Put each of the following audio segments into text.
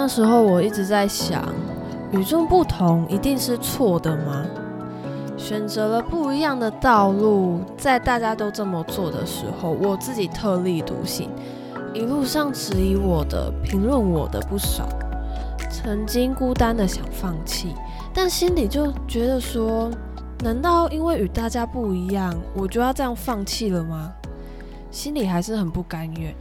那時候我一直在想，與眾不同一定是錯的嗎？選擇了不一樣的道路，在大家都這麼做的時候，我自己特立獨行，一路上質疑我的、評論我的不少。曾經孤單的想放棄，但心裡就覺得說，難道因為與大家不一樣，我就要這樣放棄了嗎？心裡還是很不甘願。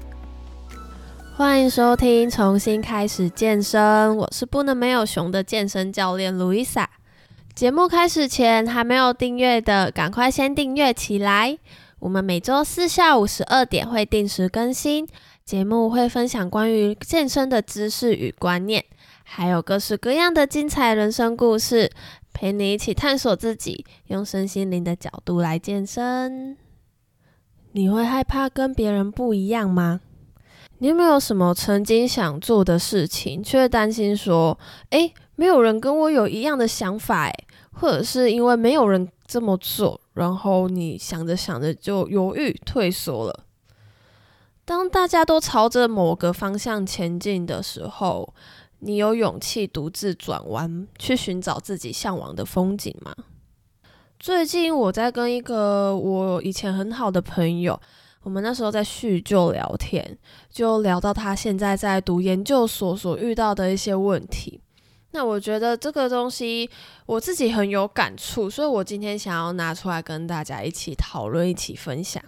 歡迎收聽重新開始健身，我是不能沒有熊的健身教練 Louisa。節目開始前，還沒有訂閱的，趕快先訂閱起來。我們每周四下午十二點會定時更新，節目會分享關於健身的知識與觀念，還有各式各樣的精彩人生故事，陪你一起探索自己，用身心靈的角度來健身。你會害怕跟別人不一樣嗎？你有沒有什麼曾經想做的事情，卻擔心說，哎，欸，沒有人跟我有一樣的想法，欸，或者是因為沒有人這麼做，然後你想着想着就猶豫退縮了？當大家都朝着某個方向前進的時候，你有勇氣獨自轉彎，去尋找自己向往的風景嗎？最近我在跟一個我以前很好的朋友。我們那時候在敘舊聊天，就聊到他現在在讀研究所所遇到的一些問題。那我覺得這個東西我自己很有感觸，所以我今天想要拿出來跟大家一起討論，一起分享。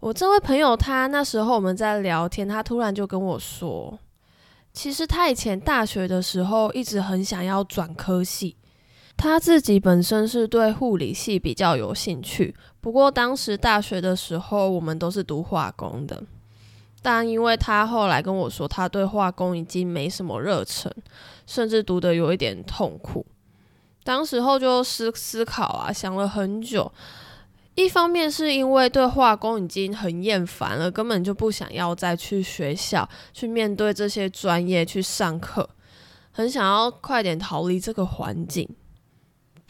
我這位朋友他那時候我們在聊天，他突然就跟我說，其實他以前大學的時候一直很想要轉科系。他自己本身是對護理系比較有興趣，不過當時大學的時候，我們都是讀化工的。但因為他後來跟我說，他對化工已經沒什麼熱忱，甚至讀得有一點痛苦。當時候就思思考啊，想了很久。一方面是因為對化工已經很厭煩了，根本就不想要再去學校去面對這些專業去上課，很想要快點逃離這個環境。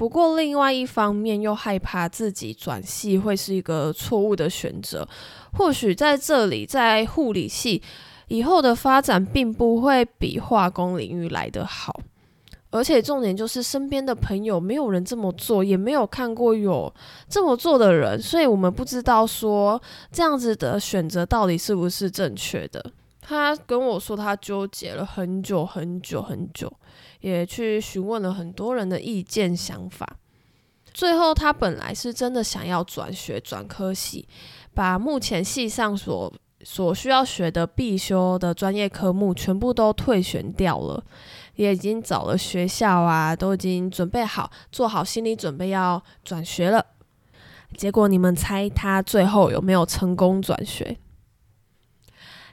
不過，另外一方面又害怕自己轉系會是一個錯誤的選擇。或許在這裡，在護理系以後的發展並不會比化工領域來得好。而且重點就是身邊的朋友沒有人這麼做，也沒有看過有這麼做的人，所以我們不知道說這樣子的選擇到底是不是正確的。他跟我說，他糾結了很久很久很久，也去詢問了很多人的意見想法。最後，他本來是真的想要轉學轉科系，把目前系上所所需要學的必修的專業科目全部都退選掉了，也已經找了學校啊，都已經準備好，做好心理準備要轉學了。結果，你們猜他最後有沒有成功轉學？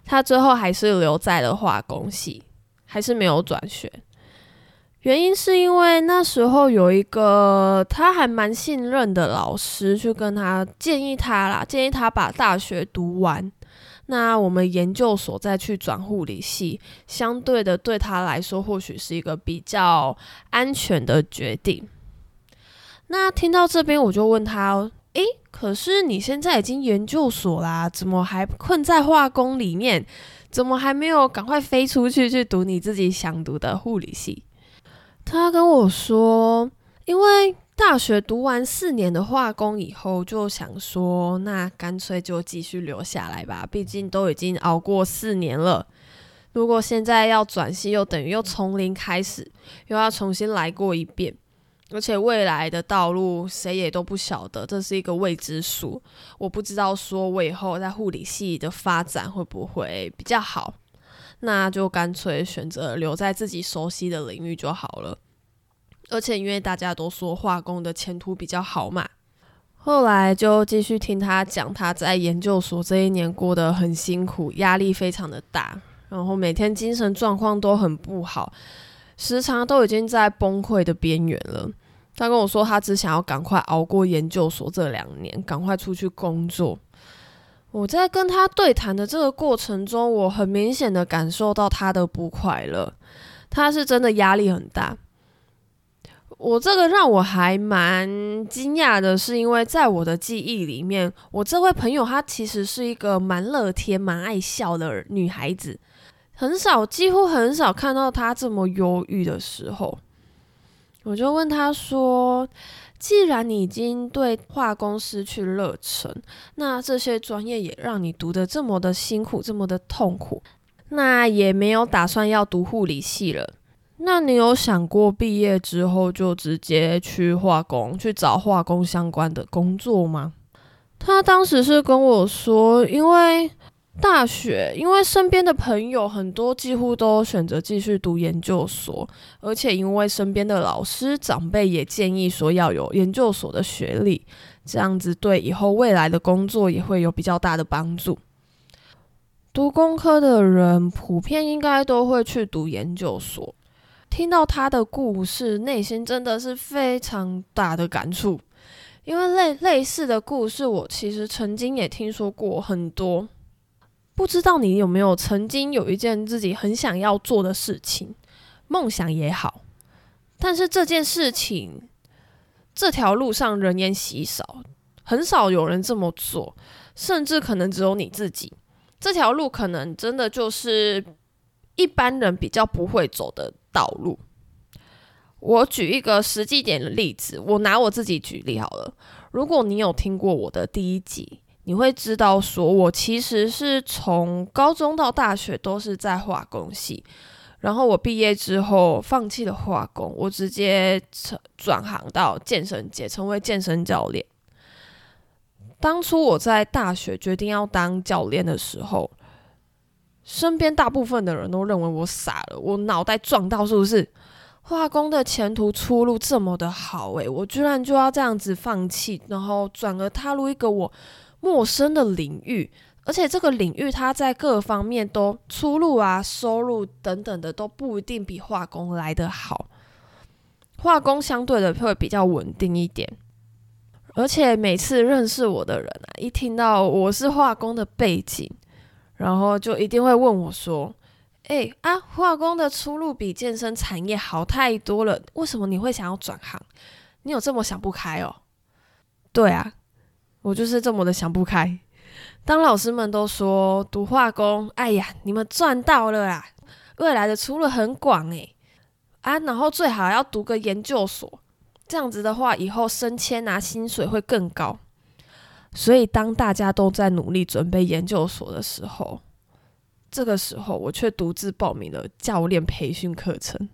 他最後還是留在了化工系，還是沒有轉學。原因是因為那時候有一個他還蠻信任的老師去跟他建議他啦，建議他把大學讀完，那我們研究所再去轉護理系，相對的對他來說或許是一個比較安全的決定。那聽到這邊，我就問他。誒，可是你現在已經研究所啦，怎麼還困在化工裡面？怎麼還沒有趕快飛出去去讀你自己想讀的護理系？他跟我說，因為大學讀完四年的化工以後，就想說，那乾脆就繼續留下來吧，畢竟都已經熬過四年了。如果現在要轉系，又等於又從零開始，又要重新來過一遍。而且未來的道路誰也都不曉得，這是一個未知數。我不知道說我以後在護理系的發展會不會比較好，那就乾脆選擇留在自己熟悉的領域就好了。而且因為大家都說化工的前途比較好嘛，後來就繼續聽他講，他在研究所這一年過得很辛苦，壓力非常的大，然後每天精神狀況都很不好。時常都已經在崩潰的邊緣了。他跟我說，他只想要趕快熬過研究所這兩年，趕快出去工作。我在跟他對談的這個過程中，我很明顯的感受到他的不快樂。他是真的壓力很大。我這個讓我還蠻驚訝的，是因為在我的記憶裡面，我這位朋友她其實是一個蠻樂天、蠻愛笑的女孩子。很少，幾乎很少看到他這麼憂鬱的時候。我就問他說：“既然你已經對化工失去熱忱，那這些專業也讓你讀得這麼的辛苦，這麼的痛苦，那也沒有打算要讀護理系了。那你有想過畢業之後就直接去化工，去找化工相關的工作嗎？”他當時是跟我說：“因為……”大學，因為身邊的朋友很多，幾乎都選擇繼續讀研究所，而且因為身邊的老師長輩也建議說要有研究所的學歷，這樣子對以後未來的工作也會有比較大的幫助。讀工科的人普遍應該都會去讀研究所。聽到他的故事，內心真的是非常大的感觸，因為類類似的故事，我其實曾經也聽說過很多。不知道你有沒有曾經有一件自己很想要做的事情，夢想也好，但是這件事情這條路上人煙稀少，很少有人這麼做，甚至可能只有你自己。這條路可能真的就是一般人比較不會走的道路。我舉一個實際點的例子，我拿我自己舉例好了。如果你有聽過我的第一集。你會知道，說我其實是從高中到大學都是在化工系，然後我畢業之後放棄了化工，我直接轉，轉行到健身界，成為健身教練。當初我在大學決定要當教練的時候，身邊大部分的人都認為我傻了，我腦袋撞到是不是？化工的前途出路這麼的好，欸，誒，我居然就要這樣子放棄，然後轉而踏入一個我。陌生的領域，而且這個領域它在各方面都出路啊、收入等等的都不一定比化工來得好。化工相對的會比較穩定一點，而且每次認識我的人啊，一聽到我是化工的背景，然後就一定會問我說：“欸，啊，化工的出路比健身產業好太多了，為什麼你會想要轉行？你有這麼想不開喔？”對啊。我就是這麼的想不開。當老師們都說讀化工，哎呀，你們賺到了啊！未來的出路很廣哎、欸，啊，然後最好要讀個研究所，這樣子的話，以後升遷啊，薪水會更高。所以，當大家都在努力準備研究所的時候，這個時候我卻獨自報名了教練培訓課程。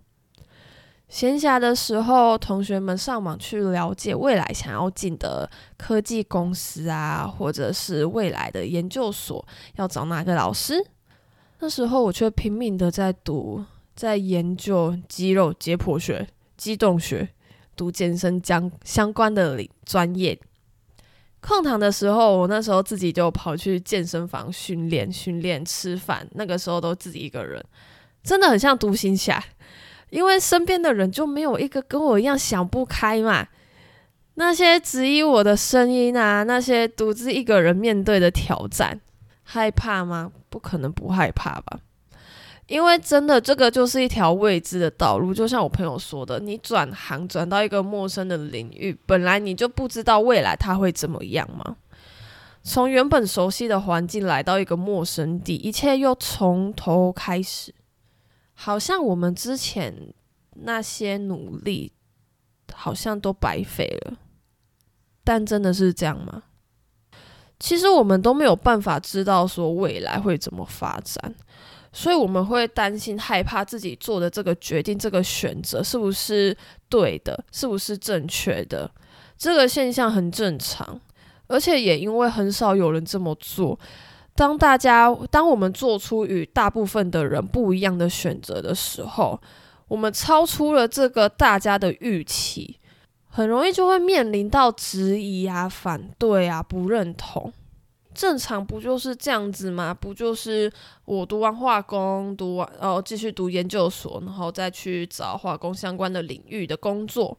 閒暇的時候，同學們上網去了解未來想要進的科技公司啊，或者是未來的研究所要找哪個老師？那時候我卻拼命的在讀，在研究肌肉解剖學、肌動學，讀健身相相關的專業。空堂的時候，我那時候自己就跑去健身房訓練、訓練、吃飯。那個時候都自己一個人，真的很像獨行俠。因為身邊的人就沒有一個跟我一樣想不開嘛。那些質疑我的聲音啊，那些獨自一個人面對的挑戰，害怕嗎？不可能不害怕吧。因為真的，這個就是一條未知的道路。就像我朋友說的，你轉行轉到一個陌生的領域，本來你就不知道未來它會怎麼樣嘛。從原本熟悉的環境來到一個陌生地，一切又從頭開始。好像我們之前那些努力，好像都白費了，但真的是這樣嗎？其實我們都沒有辦法知道說未來會怎麼發展，所以我們會擔心、害怕自己做的這個決定、這個選擇是不是對的，是不是正確的？這個現象很正常，而且也因為很少有人這麼做。當大家當我們做出與大部分的人不一樣的選擇的時候，我們超出了這個大家的預期，很容易就會面臨到質疑啊、反對啊、不認同。正常不就是這樣子嗎？不就是我讀完化工，讀完哦，繼續讀研究所，然後再去找化工相關的領域的工作。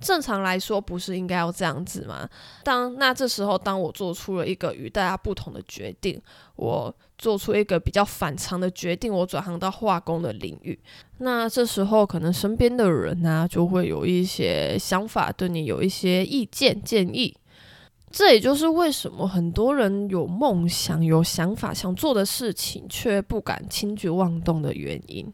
正常來說，不是應該要這樣子嗎？當那這時候，當我做出了一個與大家不同的決定，我做出一個比較反常的決定，我轉行到化工的領域。那這時候，可能身邊的人呢、啊，就會有一些想法，對你有一些意見建議。這也就是為什麼很多人有夢想、有想法、想做的事情，卻不敢輕舉妄動的原因。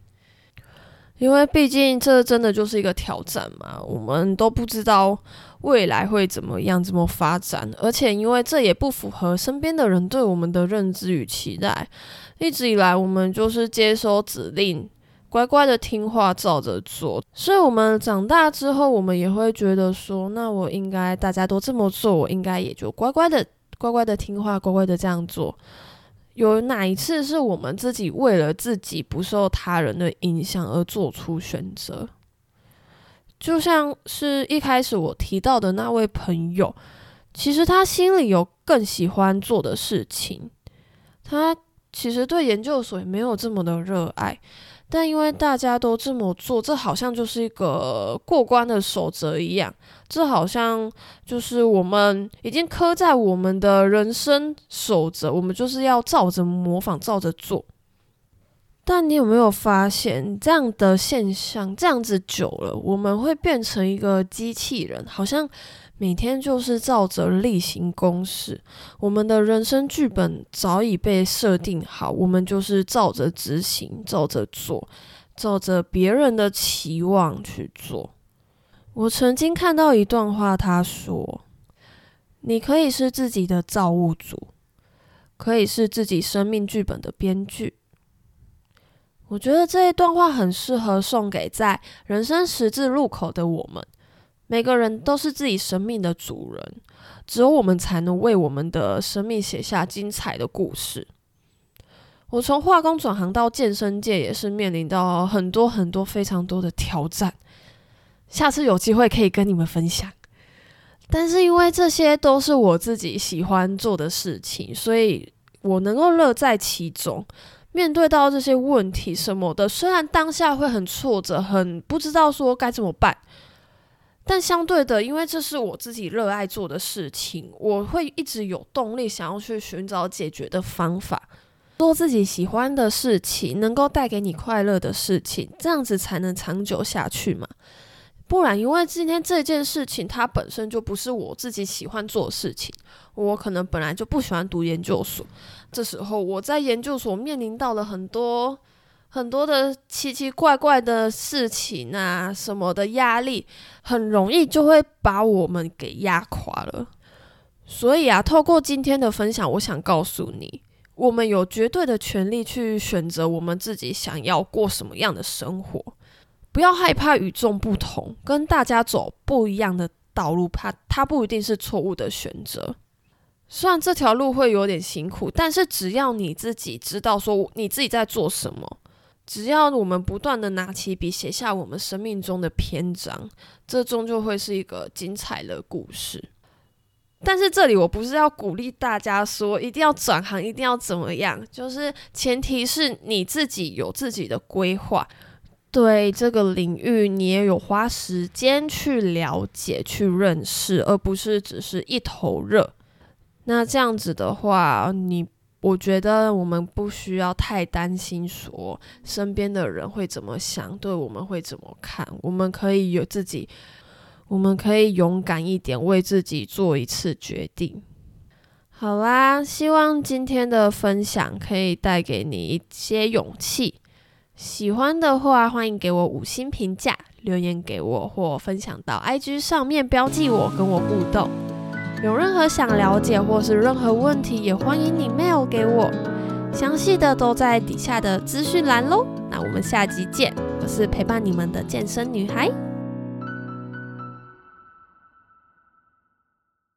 因為畢竟這真的就是一個挑戰嘛，我們都不知道未來會怎麼樣怎麼發展，而且因為這也不符合身邊的人對我們的認知與期待。一直以來，我們就是接收指令，乖乖的聽話，照着做。所以，我們長大之後，我們也會覺得說，那我應該大家都這麼做，我應該也就乖乖的、乖乖的聽話、乖乖的這樣做。有哪一次是我們自己為了自己不受他人的影響而做出選擇？就像是一開始我提到的那位朋友，其實他心裡有更喜歡做的事情，他其實對研究所也沒有這麼的熱愛。但因為大家都這麼做，這好像就是一個過關的守則一樣。這好像就是我們已經刻在我們的人生守則，我們就是要照着模仿，照着做。但你有沒有發現這樣的現象？這樣子久了，我們會變成一個機器人，好像每天就是照着例行公事。我們的人生劇本早已被設定好，我們就是照着執行、照着做、照着別人的期望去做。我曾經看到一段話，他說：“你可以是自己的造物主，可以是自己生命劇本的編劇。”我覺得這一段話很適合送給在人生十字路口的我們。每個人都是自己生命的主人，只有我們才能為我們的生命寫下精彩的故事。我從化工轉行到健身界，也是面臨到很多很多非常多的挑戰。下次有機會可以跟你們分享。但是因為這些都是我自己喜歡做的事情，所以我能夠樂在其中。面對到這些問題什麼的，雖然當下會很挫折，很不知道說該怎麼辦，但相對的，因為這是我自己熱愛做的事情，我會一直有動力想要去尋找解決的方法。做自己喜歡的事情，能夠帶給你快樂的事情，這樣子才能長久下去嘛。不然，因為今天這件事情，它本身就不是我自己喜歡做的事情。我可能本來就不喜歡讀研究所。這時候，我在研究所面臨到了很多很多的奇奇怪怪的事情啊，什麼的壓力，很容易就會把我們給壓垮了。所以啊，透過今天的分享，我想告訴你，我們有絕對的權利去選擇我們自己想要過什麼樣的生活。不要害怕與眾不同，跟大家走不一樣的道路，怕它，它不一定是錯誤的選擇。雖然這條路會有點辛苦，但是只要你自己知道說你自己在做什麼，只要我們不斷的拿起筆寫下我們生命中的篇章，這終究會是一個精彩的故事。但是這裡我不是要鼓勵大家說一定要轉行，一定要怎麼樣，就是前提是你自己有自己的規劃。對這個領域，你也有花時間去了解、去認識，而不是只是一頭熱。那這樣子的話，你我覺得我們不需要太擔心說身邊的人會怎麼想，對我們會怎麼看。我們可以有自己，我們可以勇敢一點，為自己做一次決定。好啦，希望今天的分享可以帶給你一些勇氣。喜歡的話，歡迎給我五星評價、留言給我或分享到 IG 上面標記我，跟我互動。有任何想了解或是任何問題，也歡迎你 mail 給我，詳細的都在底下的資訊欄嘍。那我們下集見，我是陪伴你們的健身女孩。